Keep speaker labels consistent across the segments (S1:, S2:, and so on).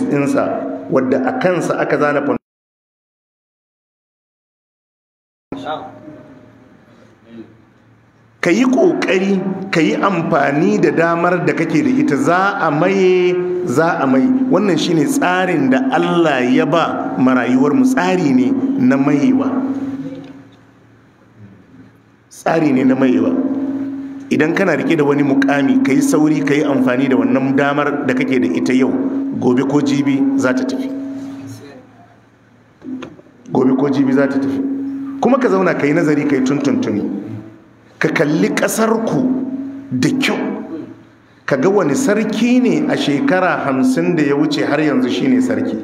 S1: ofis ɗinsa wadda a kansa aka zana ka yi ƙoƙari ka yi amfani da damar da kake da ita za a maye za a mai wannan shine tsarin da allah ya ba marayuwar mu tsari ne na mayewa tsari ne na mayewa idan kana rike da wani mukami ka yi sauri ka yi amfani da wannan damar da kake da ita yau gobe ko jibi za ta tafi gobe ko jibi za ta tafi kuma ka zauna ka yi nazari ka yi tuntuntuni ka kalli ƙasarku da kyau ka ga wani sarki ne a shekara hamsin da ya wuce har yanzu shine sarki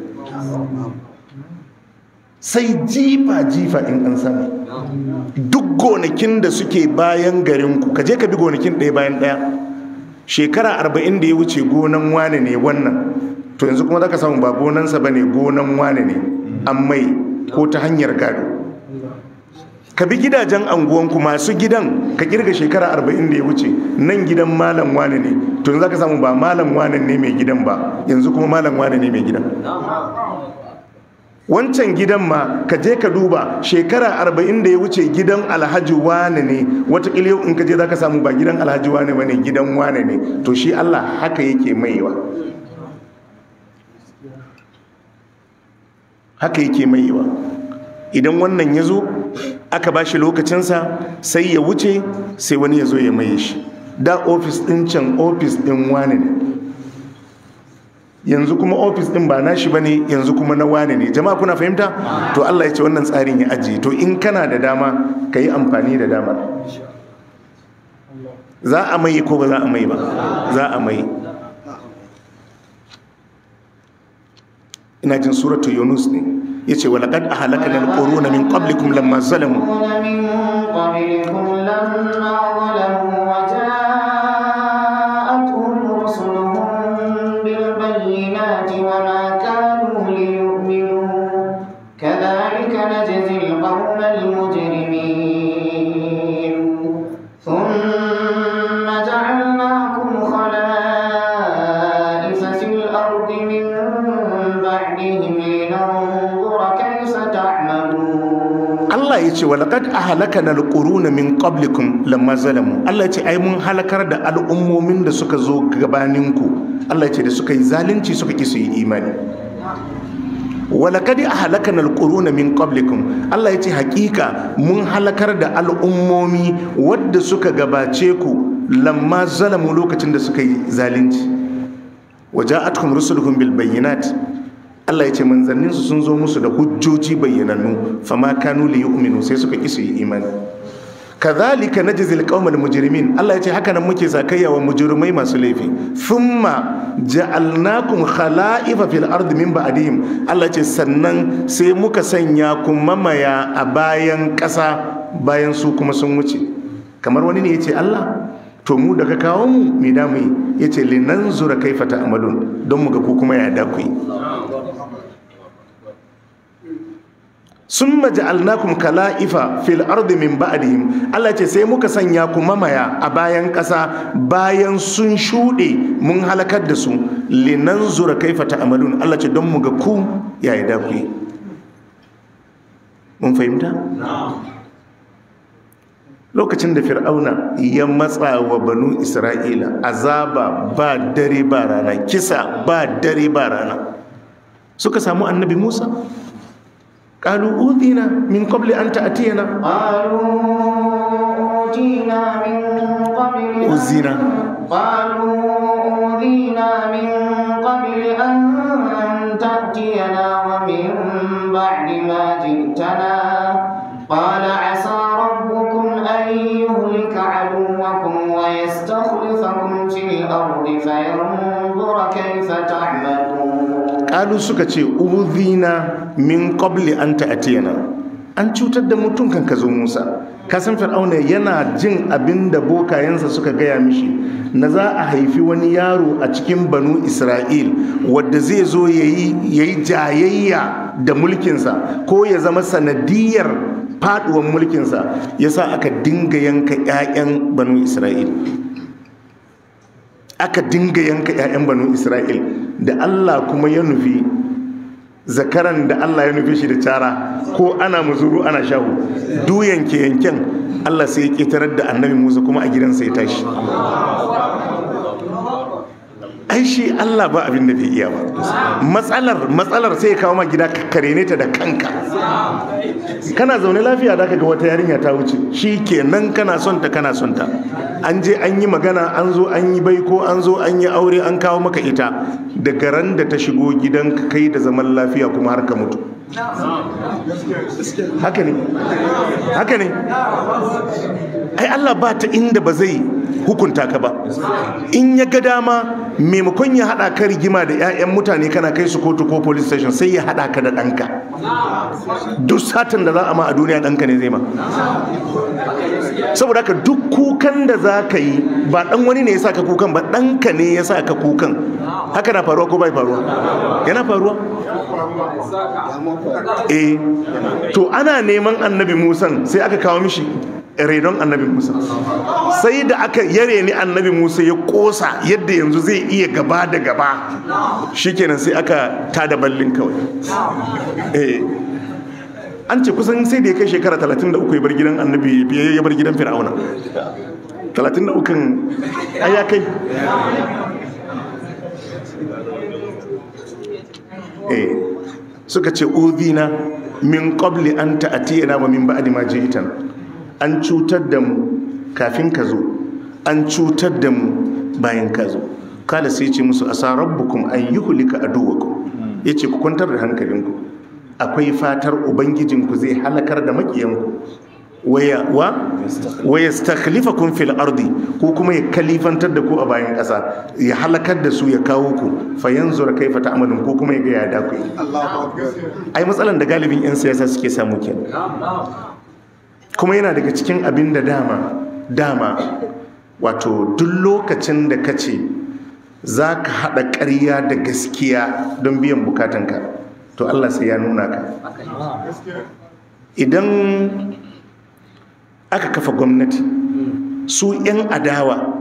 S1: sai jifa-jifa in an sami duk gonakin da suke bayan garinku ka je ka bi gonakin ɗaya bayan ɗaya shekara arba'in da ya wuce gonan wane ne wannan to yanzu kuma zaka samu ba gonansa ba ne gonan wane ne mai ko ta hanyar gado ka bi gidajen anguwanku masu gidan ka kirga shekara arba'in da ya wuce nan gidan malam wane ne to yanzu zaka samu ba malam wane ne mai gidan ba yanzu kuma malam wane ne mai gidan wancan gidan ma ka je ka duba shekara arba'in da ya wuce gidan alhaji wane ne watakila yau in ka je za ka samu ba gidan alhaji wane ba ne gidan wane ne to shi allah haka yake maiwa haka yake maiwa idan wannan ya zo aka ba shi lokacinsa sai ya wuce sai wani ya zo ya maye shi da ofis ɗin can ofis ɗin wane ne yanzu kuma ofis din ba nashi bane yanzu kuma na wane ne jama'a kuna fahimta to Allah ya ce wannan tsarin ya ajiye to in kana da dama ka yi amfani da dama. za a mai ko ba za a mai ba za a mai ina jin suratu yunus ne ya ce walaƙad a halaka na alƙoruna min ƙwablikum lamma zalamu ce walaqad ahlakana alquruna min qablikum lamma zalamu Allah ce ai mun halakar da al'ummomin da suka zo gabaninku Allah ce da suka yi zalunci suka ƙi su yi imani walaqad ahlakana alquruna min qablikum Allah ya ce haƙiƙa mun halakar da al'ummomi wadda suka gabace ku lamma zalamu lokacin da suka yi zalunci waja'atkum rusuluhum bil bayyinat Allah ya ce manzanninsu sun zo musu da hujjoji bayyanannu ma kanu li yu'minu sai suka ki su yi imani kadhalika najzil qaumal mujrimin Allah ya ce haka nan muke sakayya wa mujrimai masu laifi thumma ja'alnakum khala'ifa fil ard min ba'dihim Allah ya ce sannan sai muka sanya ku mamaya a bayan ƙasa bayan su kuma sun wuce kamar wani ne ya ce Allah to mu daga kawo mu me da mu yi linanzura kaifa amalun don mu ga ku kuma ya da sun maja'alnakum kala'ifa fil ardi min ba'dihim Allah ce sai muka sanya ku mamaya a bayan ƙasa bayan sun shuɗe mun halakar da su linanzura kaifa ta'malun Allah ce don mu ga ku ya da ku mun fahimta lokacin da fir'auna ya matsa wa banu isra'ila azaba ba dare ba rana kisa ba dare ba rana suka samu annabi musa قالوا أوذينا من قبل أن تأتينا قالوا
S2: أوذينا من قبل أوذينا قالوا أوذينا من قبل أن تأتينا ومن بعد ما جئتنا قال عسى ربكم أن يهلك عدوكم ويستخلفكم في الأرض فينظر كيف تعملون
S1: kalu suka ce uzina min qabli an ta'tiyana an cutar da mutun kan Musa kasan fir'auna yana jin abinda bokayensa suka gaya mishi na za a haifi wani yaro a cikin banu isra'il wadda zai zo yayi yayi jayayya da mulkinsa ko ya zama sanadiyar faduwan mulkinsa ya sa aka dinga yanka 'ya'yan banu isra'il aka dinga yanka 'ya'yan banu isra'il da allah kuma ya nufi zakaran da allah ya nufi shi da cara ko ana muzuru ana shahu du yanke yanken allah sai ya ƙetarar da annabi musa kuma a gidansa ya tashi ai Allah ba abin da bai iya ba matsalar matsalar sai kawo ma gida ka ne ta da kanka kana zaune lafiya da ka ga wata yarinya ta wuce shi ke nan kana son ta kana son ta an je an yi magana an zo an yi baiko an zo an yi aure an kawo maka ita daga ran da ta shigo gidan kai da zaman lafiya kuma har ka mutu haka ne haka ne ai Allah ba ta inda ba zai hukunta ka ba in ya ga dama maimakon ya hada ka rigima da 'ya'yan mutane kana kai su kotu ko police station sai ya hada ka da ɗanka duk satin da za a ma a duniya ɗanka ne zai ma saboda haka duk kukan da za ka yi ba ɗan wani ne ya sa ka kukan ba ɗanka ne ya sa ka kukan haka na faruwa ko bai faruwa yana faruwa eh to ana neman annabi musan sai aka kawo mishi renon annabi musa sai da aka yare ni annabi musa ya kosa yadda yanzu zai iya gaba da gaba shikenan sai aka tada ballin kawai eh. an ce kusan sai da ya kai shekara 33 ya bar gidan annabi ya bar gidan fir'auna 33 kan ya kai eh. suka ce udhina min qabli an ta'tiyana wa min ba'di ma ji'tana an cutar da mu kafin ka zo an cutar da mu bayan ka zo kala sai ce musu asa rabbukum an duwaku ya ce ku kwantar da hankalinku akwai fatar ubangijinku zai halakar da makiyanku waya wa waya fil ardi ko kuma ya kalifantar da ku a bayan ƙasa ya halakar da su ya kawo ku fa yanzura kaifa ta'malun ko kuma ya gaya da ku ai matsalan da galibin yan siyasa suke samu kenan kuma yana daga cikin abin da dama dama wato duk lokacin da ka ce za ka haɗa ƙarya da gaskiya don biyan bukatanka to Allah sai ya nuna ka idan aka kafa gwamnati su 'yan adawa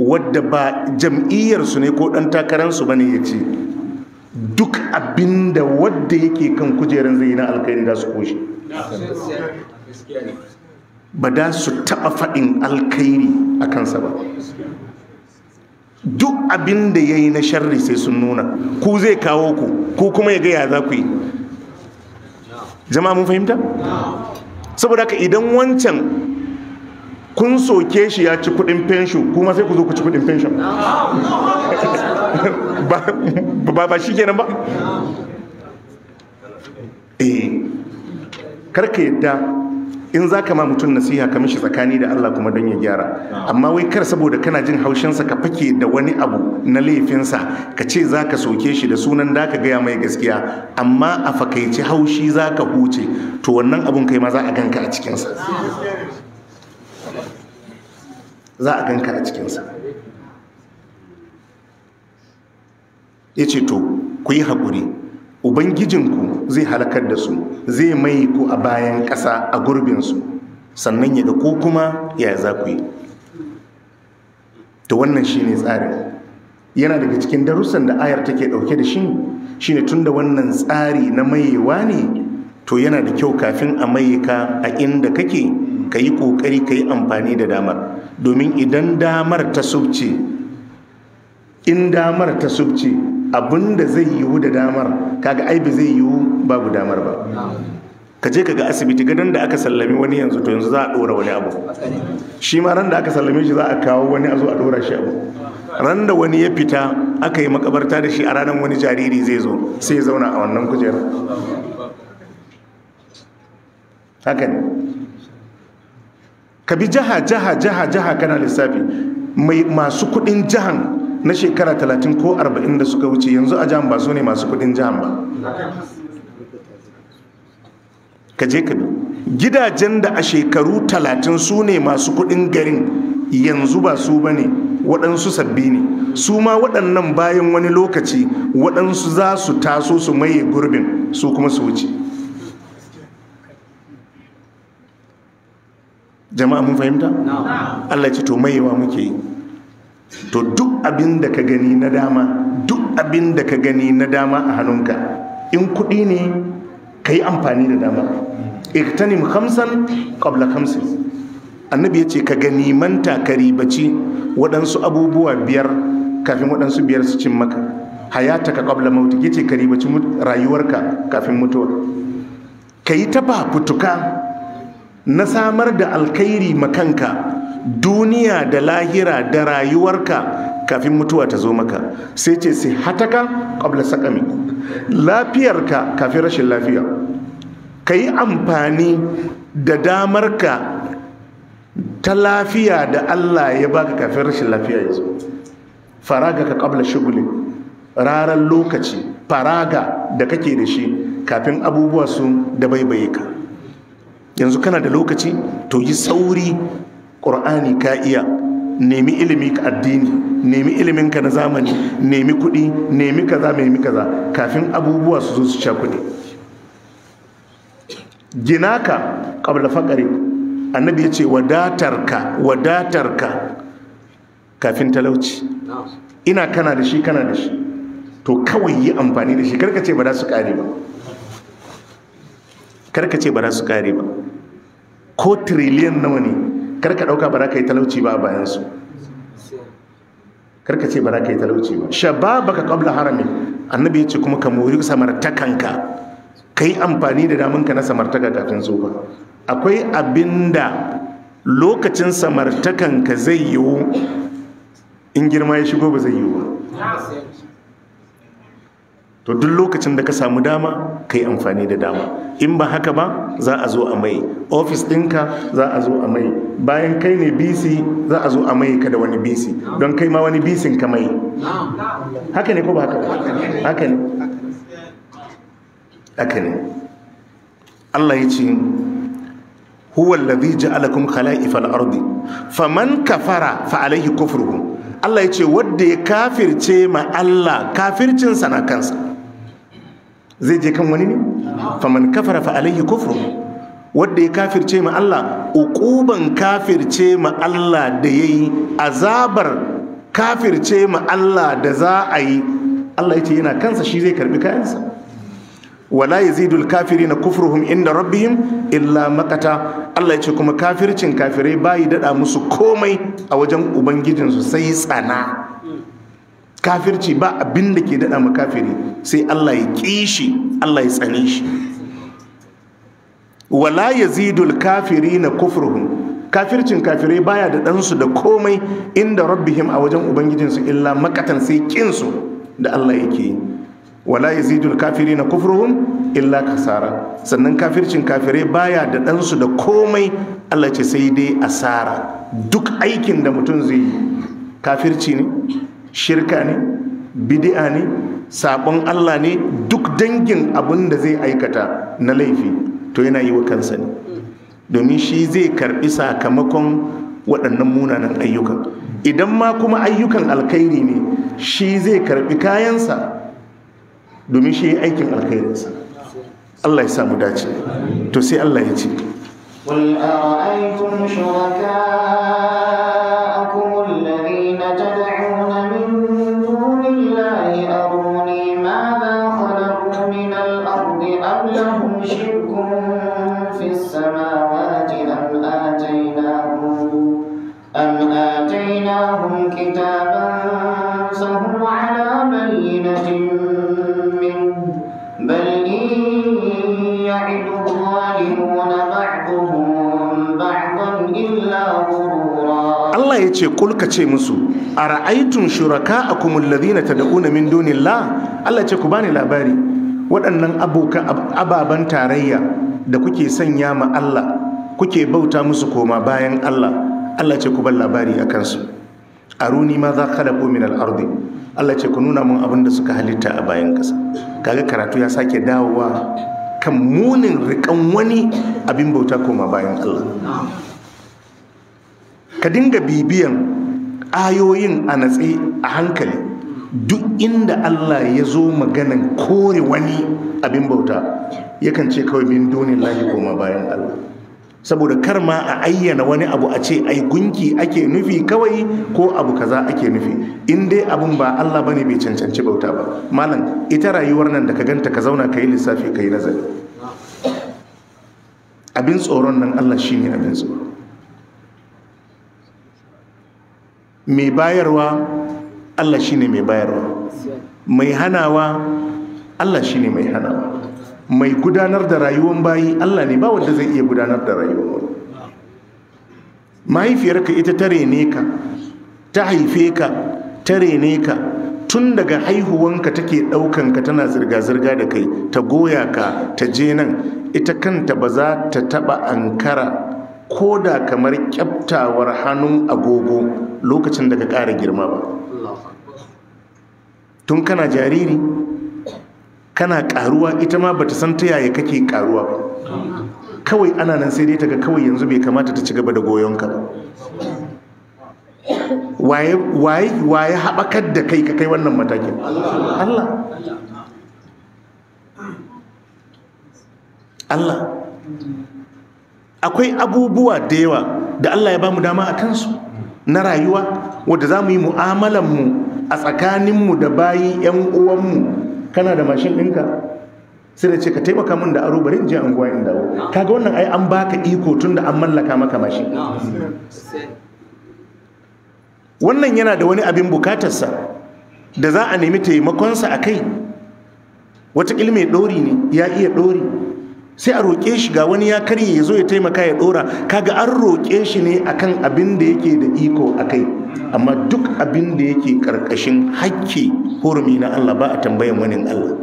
S1: wadda ba jam'iyyarsu ne ko ɗan takararsu ba ne ya ce duk abinda wadda yake kan kujerar zai yi na alkairi da su koshi ba da su taɓa faɗin alkairi a kansa ba duk abin da ya yi na sharri sai sun nuna ku zai kawo ku ku kuma ya gaya za ku yi jama'a mun fahimta? saboda ka idan wancan kun soke shi ya ci kudin fensho kuma sai ku zo ku ci kudin fensho ba ba shi kenan ba eh karka yadda in za ka ma mutum nasiha ka mishi tsakani da Allah kuma don ya gyara amma wai kar saboda kana jin haushinsa ka fake da wani abu na laifinsa ka ce za ka soke shi da sunan da ka gaya mai gaskiya amma a fakaici haushi za ka huce to wannan abun kai ma za a ganka a cikinsa za a ganka a cikinsa ya ce to ku yi haƙuri ubangijinku zai halakar da su zai mai ku a bayan ƙasa a gurbinsu sannan ya ga ko kuma ya za ku yi to wannan shi ne tsarin yana daga cikin darussan da ayar take ɗauke da shi shi ne tun da wannan tsari na mayewa ne to yana da kyau kafin a maye ka a inda kake ka yi ƙoƙari ka yi amfani da damar domin idan damar ta subce in damar ta subce abin da zai yiwu da damar kaga aibi zai yiwu babu damar ba ka je ka ga asibiti gadon da aka sallami wani yanzu to yanzu za a dora wani abu shi ma ran da aka sallame shi za a kawo wani a zo a dora shi abu ran da wani ya fita aka yi makabarta da shi a ranar wani jariri zai zo sai ya zauna a wannan kujera haka ne ka bi jaha jaha jaha jaha kana lissafi masu kudin jahan na shekara 30 ko 40 da suka wuce yanzu a jihar ba su ne masu kudin jihar ba ka je ka gidajen da a shekaru 30 su ne masu kudin garin yanzu ba su ba ne waɗansu sabbi ne su ma waɗannan bayan wani lokaci waɗansu za su taso su maye gurbin su kuma su wuce jama'a mun fahimta? Allah ce to mayewa muke yi to duk abin da ka gani na dama duk abin da ka gani na dama a hannunka in kuɗi ne ka yi amfani da dama iktanim hamsan qabla hamsin annabi ya ce ka gani manta ka ribaci waɗansu abubuwa biyar kafin waɗansu biyar su cin maka hayata ka qabla mautu ya ce ka ribaci rayuwarka kafin mutuwa ka yi ta fafutuka na samar da alkhairi makanka duniya da lahira da rayuwarka kafin mutuwa ta zo maka sai ce sai hataka ƙabla saƙami lafiyarka kafin rashin lafiya ka yi amfani da damarka ta lafiya da Allah ya baka kafin rashin lafiya ya zo faraga ka ƙabla shugulin rarar lokaci faraga da kake da shi kafin abubuwa su da baibaye ka yanzu kana da lokaci to yi sauri ƙur'ani ka iya nemi ilimi ka addini nemi ilimin ka na zamani nemi kuɗi nemi kaza nemi kaza kafin abubuwa su zo su sha kuɗi ginaka qabla faqri annabi ya yace wadatarka wadatarka kafin talauci ina kana da shi kana da shi to kawai yi amfani da shi karka ce ba za su kare ba karka ce ba za su kare ba ko triliyan nawa ne karka dauka ba ka yi talauci ba bayansu, su karka ce ba ka yi talauci ba ka qabla harami annabi ya ce kuma ka mori samartakanka ka yi amfani da damanka na samartaka kafin ba akwai abinda lokacin samartakanka zai yiwu in girma ya shigo ba zai yiwu ba to duk lokacin da ka samu dama ka yi amfani da dama in ba haka ba za a zo a mai ofis ɗinka za a zo a mai bayan kai ne bc za a zo a mai ka da wani bc don kai ma wani bc ka mai haka ne ko ba haka ba haka ne haka ne allah ya ce huwa alladhi ja'alakum al ardi faman kafara fa alayhi kufruhu Allah ya ce wadda ya kafirce ma Allah kafircinsa na kansa zai je kan wani ne faman kafara fa alaihi kufru wanda ya kafirce ma Allah uquban kafirce ma Allah da yayi azabar kafirce ma Allah da za a yi Allah yace yana kansa shi zai karbi kayansa wala yazidul na kufruhum inda rabbihim illa makata Allah yace kuma kafircin kafirai bai dada musu komai a wajen ubangijinsu sai tsana kafirci ba abin da ke daɗa makafiri sai Allah ya ƙi shi Allah ya tsane shi wala yazidul kafiri na kufurhun kafircin kafirai baya da ɗansu da komai inda rabbihim a wajen ubangijinsu illa makatan sai ƙinsu da Allah yake wala zidul kafiri na kufurhun illa kasara sannan kafircin kafirai baya da ɗansu da komai Allah ce sai dai asara duk aikin da mutum zai yi kafirci ne shirka ne bidi'a ne sabon Allah ne duk dangin abin da zai aikata na laifi to yana yi wa kansa ne domin shi zai karbi sakamakon waɗannan munanan ayyukan idan ma kuma ayyukan alkhairi ne shi zai karbi kayansa domin shi aikin alkhairinsa Allah ya samu dace to sai Allah ya ce ce kulka ce musu a ra'aitun shuraka a kumulladina ta da'una min dunillah Allah ce ku bani labari waɗannan ababen tarayya da kuke sanya ma Allah kuke bauta musu koma bayan Allah Allah ce ku ban labari a kansu aruni ma za kada ko min al'ardi Allah ce ku nuna mun abin da suka halitta a bayan kasa. kaga karatu ya sake dawowa kan munin rikan wani abin bauta koma bayan Allah ka dinga bibiyan ayoyin a natse a hankali duk inda Allah ya zo maganan kore wani abin bauta yakan ce kawai min dunin lahi koma bayan Allah saboda kar ma a ayyana wani abu a ce ai gunki ake nufi kawai ko abu kaza ake nufi in dai abun ba Allah bane bai cancanci bauta ba malam ita rayuwar nan da ka ganta ka zauna ka yi lissafi ka yi nazari abin tsoron nan Allah shine abin tsoro mai bayarwa Allah shine mai bayarwa mai hanawa Allah shine mai hanawa mai gudanar da rayuwar bayi Allah ne ba wanda zai iya gudanar da rayuwar mahaifiyarka ita tare ne ka ta haife ka tare ne ka tun daga haihuwanka take ɗaukan ka tana zirga-zirga da kai ta goya ka ta je nan ita kanta ba za ta taɓa ankara ko da kamar kyaftawar hannun agogo lokacin da ka ƙara girma ba tun kana jariri kana ƙaruwa ita ma ba ta san ta yaya kake ƙaruwa ba kawai ana nan sai dai ta ga kawai yanzu bai kamata ta ci gaba da goyonka ba waye waye haɓakar da kai ka kai wannan matakin Allah Allah akwai abubuwa da yawa da Allah ya ba mu dama a kansu na rayuwa wadda za mu yi mu'amalanmu a tsakaninmu da bayi 'yan uwanmu kana da mashin ɗinka sai da ce ka taimaka min da aro bari in je anguwa in dawo kaga wannan ai an baka iko tun da an mallaka maka mashin wannan yana da wani abin bukatarsa da za a nemi taimakonsa a kai wata ya ɗori ne ya iya ɗori sai a roƙe shi ga wani ya karye ya zo ya taimaka ya ɗora kaga an roƙe shi ne akan abin da yake da iko a kai amma duk abin da yake ƙarƙashin haƙƙi hurumi na Allah ba a tambayan wani Allah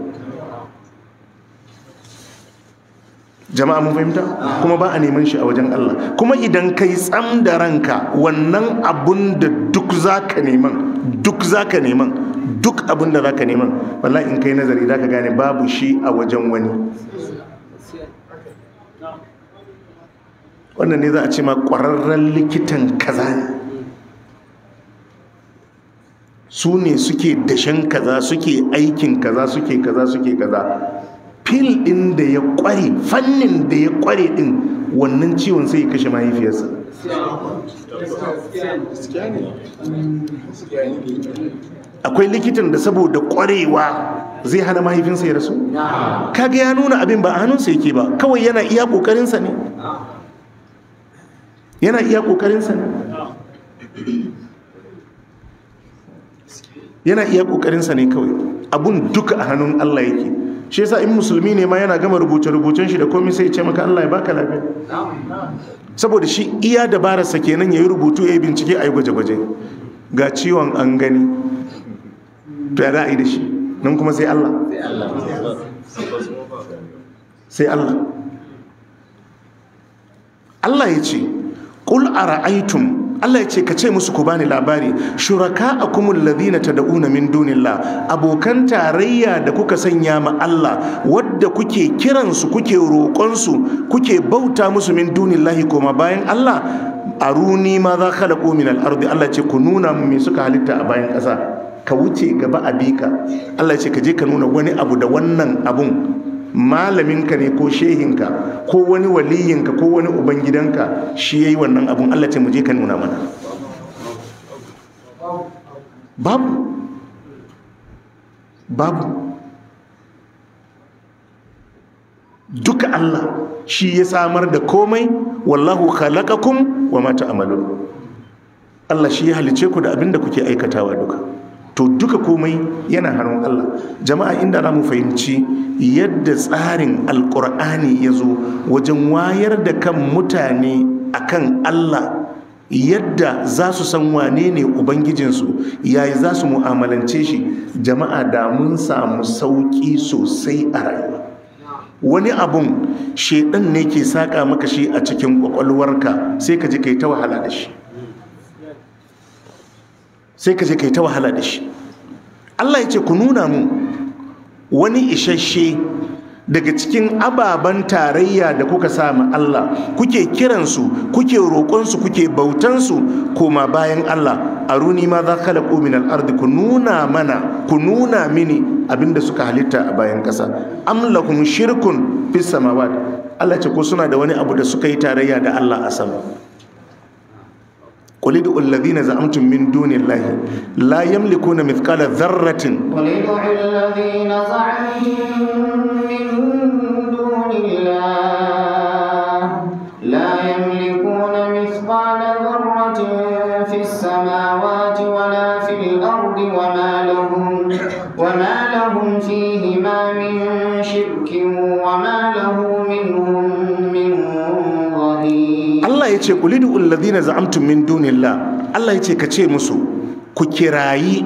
S1: jama'a mun fahimta kuma ba a neman shi a wajen Allah kuma idan kai tsam da ranka wannan abun da duk za ka neman duk za ka neman duk abun da za ka neman wallahi in kai nazari za ka gane babu shi a wajen wani wannan ne za a ce ma ƙwararren likitan kaza ne su ne suke dashen kaza suke aikin kaza suke kaza suke kaza fil ɗin da ya ƙware fannin da ya ƙware ɗin wannan ciwon sai ya kashe mahaifiyarsa akwai likitan da saboda ƙwarewa zai hana mahaifinsa ya rasu kaga ya nuna abin ba a hannunsa yake ba kawai yana iya ƙoƙarinsa ne yana iya kokarinsa yana iya kokarinsa ne kawai abun duka a hannun Allah yake shi yasa in musulmi ne ma yana gama rubuce rubucen shi da komai sai ya ce maka Allah ya baka lafiya saboda shi iya sa kenan yayi rubutu yayi bincike ayi gwaje-gwaje ga ciwon an gani to ya ra'ayi da shi nan kuma sai Allah sai Allah Allah ya ce qul ara'aytum Allah ya ce ka ce musu ku bani labari shuraka akumul ta tad'una min dunillah abokan tarayya da kuka sanya ma Allah wadda kuke kiransu, kuke roƙon kuke bauta musu min dunillahi koma bayan Allah aruni ma za khalaqu min al-ardi Allah ce ku nuna mu me suka halitta a bayan ƙasa ka wuce gaba a bika Allah ce ka je ka nuna wani abu da wannan abun malaminka ne ko shehinka ko wani waliyinka ko wani ubangidanka shi ya yi wannan abun allah ce mu ka nuna mana babu babu duka allah shi ya samar da komai wallahu khalaqakum wa ma ta'malun Allah shi ya halice ku da abin da kuke aikatawa duka to duka komai yana hannun Allah jama'a inda za mu fahimci yadda tsarin alkur'ani ya zo wajen wayar da kan mutane akan Allah yadda za su san wane ne ubangijinsu yayi za su mu'amalance shi jama'a da mun samu sauƙi sosai a rayuwa wani abun shaidan ne ke saƙa maka shi a cikin ƙwaƙwalwarka sai ka ji kai ta wahala da shi sai ka je ka yi ta wahala da shi Allah ya ce ku nuna mu wani isasshe daga cikin ababen tarayya da kuka samu Allah kuke kiransu kuke roƙonsu kuke bautansu koma bayan Allah a runi ma za ka laƙo min al'ardi ku nuna mana ku nuna mini abinda suka halitta a bayan ƙasa am shirkun fi samawat Allah ce ko suna da wani abu da suka yi tarayya da Allah a sama قل ادعوا الذين زعمتم من دون الله لا يملكون مثقال ذرة قل
S2: ادعوا الذين زعمتم من
S1: yace qulidu alladhina za'amtum min dunillah Allah yace ka ce musu ku kirayi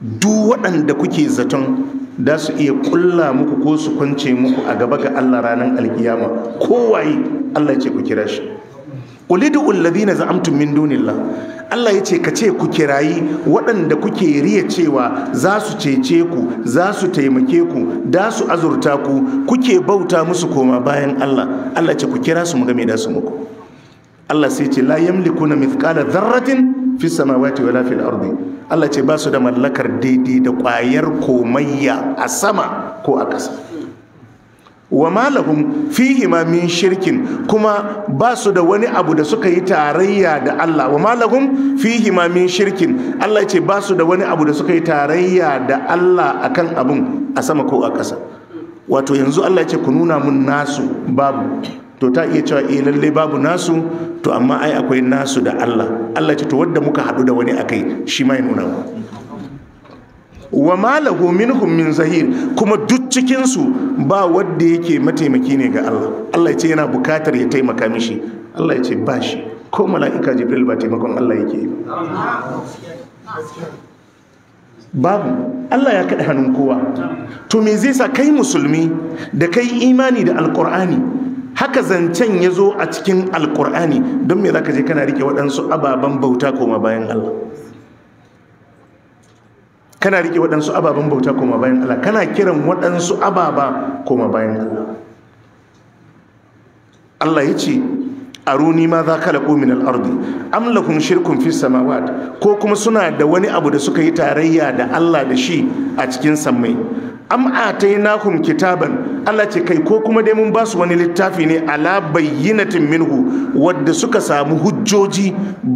S1: du waɗanda kuke zaton da su iya kulla muku ko su kwance muku a gaba ga Allah ranar alkiyama kowaye Allah yace ku kira shi qulidu alladhina za'amtum min dunillah Allah ya ce ka ce ku kirayi waɗanda kuke riya cewa za su cece ku za su taimake ku da su azurta ku kuke bauta musu koma bayan Allah Allah ce ku kira su mu game da su muku Allah sai ce la yamlikuna mithqala dharratin fis samawati wala fil ardi Allah ce ba su da mallakar daidai da kwayar komayya a sama ko a ƙasa wa malahum fihi ma min shirkin kuma ba su da wani abu da suka yi tarayya da Allah wa malahum fihi ma min shirkin Allah ce ba su da wani abu da suka yi tarayya da Allah akan abun a sama ko a ƙasa wato yanzu Allah ce ku nuna mun nasu babu to ta iya cewa eh lalle babu nasu to amma ai akwai nasu da Allah Allah ce to wanda muka haɗu da wani akai shi ma ya nuna wa malahu minhum min zahir kuma duk cikin su ba wanda yake mataimaki ne ga Allah Allah ya ce yana bukatar ya taimaka mishi Allah ya ce ba shi ko mala'ika Jibril ba taimakon Allah yake yi babu Allah ya kaɗa hannun kowa to me zai sa kai musulmi da kai imani da alkur'ani haka zancen ya zo a cikin alkur'ani don me za ka je kana rike waɗansu ababen bauta koma bayan Allah kana rike waɗansu ababen bauta koma bayan Allah kana kiran waɗansu ababa koma bayan Allah Allah ya ce aruni ma za ka laƙo min al'ardi amlakun shirkun fi samawat ko kuma suna da wani abu da suka yi tarayya da Allah da shi a cikin sammai am nakun kitaban Allah ce kai ko kuma dai mun ba su wani littafi ne ala bayyinatin minhu wadda suka samu hujjoji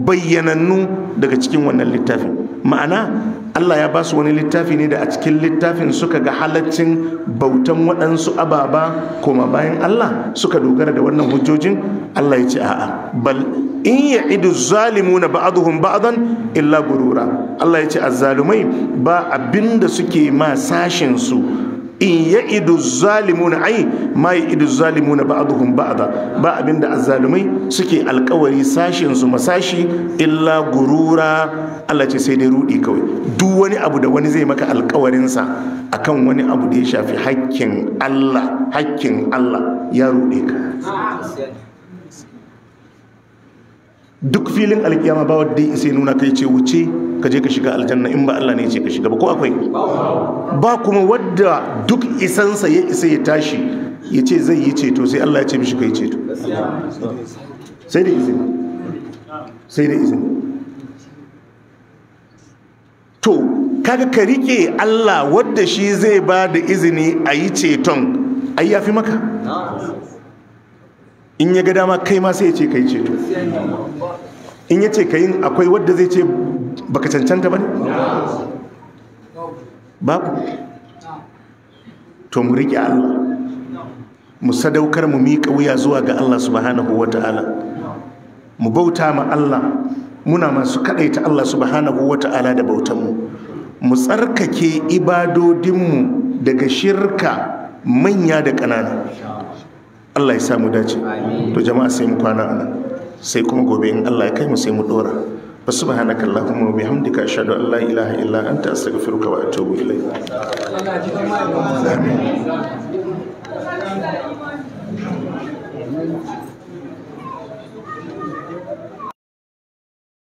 S1: bayyanannu daga cikin wannan littafi ma'ana Allah ya ba su wani littafi ne da a cikin littafin suka ga halaccin bautan waɗansu ababa koma bayan Allah suka dogara da wannan hujjojin Allah ya ce a'a bal in ya zalimu na ba'aduhun ba'adan illa gurura Allah ya ce a zalumai ba abinda suke ma sashinsu. in ya idu zalimuna ai ma ya idu zalimuna ba'aduhum ba'da ba abinda azzalumai suke alkawari sashin su masashi illa gurura Allah ce sai dai rudi kawai duk wani abu da wani zai maka alkawarin sa akan wani abu da ya shafi hakkin Allah hakkin Allah ya rude ka duk filin alkiyama ba wadda ya nuna kai ce wuce ka je ka shiga aljanna in ba Allah ne ce ka shiga ba ko akwai ba kuma wadda duk isansa ya isa ya tashi ya ce zai yi ceto sai Allah ya ce mishi kai ceto sai da izini sai da izini to kaga ka rike Allah wadda shi zai ba da izini a yi ceton ai ya fi maka in ya ga dama kai ma sai ya ce kai ceto in ya ce ka akwai wadda zai ce baka cancanta ba ne? babu to mu riƙe Allah mu sadaukar mu miƙa wuya zuwa ga Allah subhanahu wa ta'ala mu bauta ma Allah muna masu kaɗaita Allah subhanahu wa ta'ala da bautanmu mu mu tsarkake ibadodinmu daga shirka manya da ƙanana Allah ya samu dace to jama'a sai mu kwana a nan. sai kuma gobe in Allah ya kai mu sai mu dora fa subhanaka allahumma wa bihamdika ashhadu an la ilaha illa anta astaghfiruka wa atubu ilayk